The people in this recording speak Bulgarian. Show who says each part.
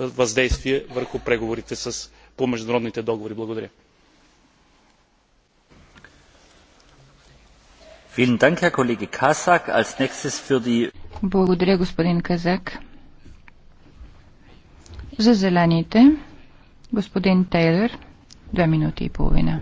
Speaker 1: Е, въздействие върху преговорите по международните договори. благодаря.
Speaker 2: Благодаря, господин Казак. За зелените, господин Тейлър, две минути и половина.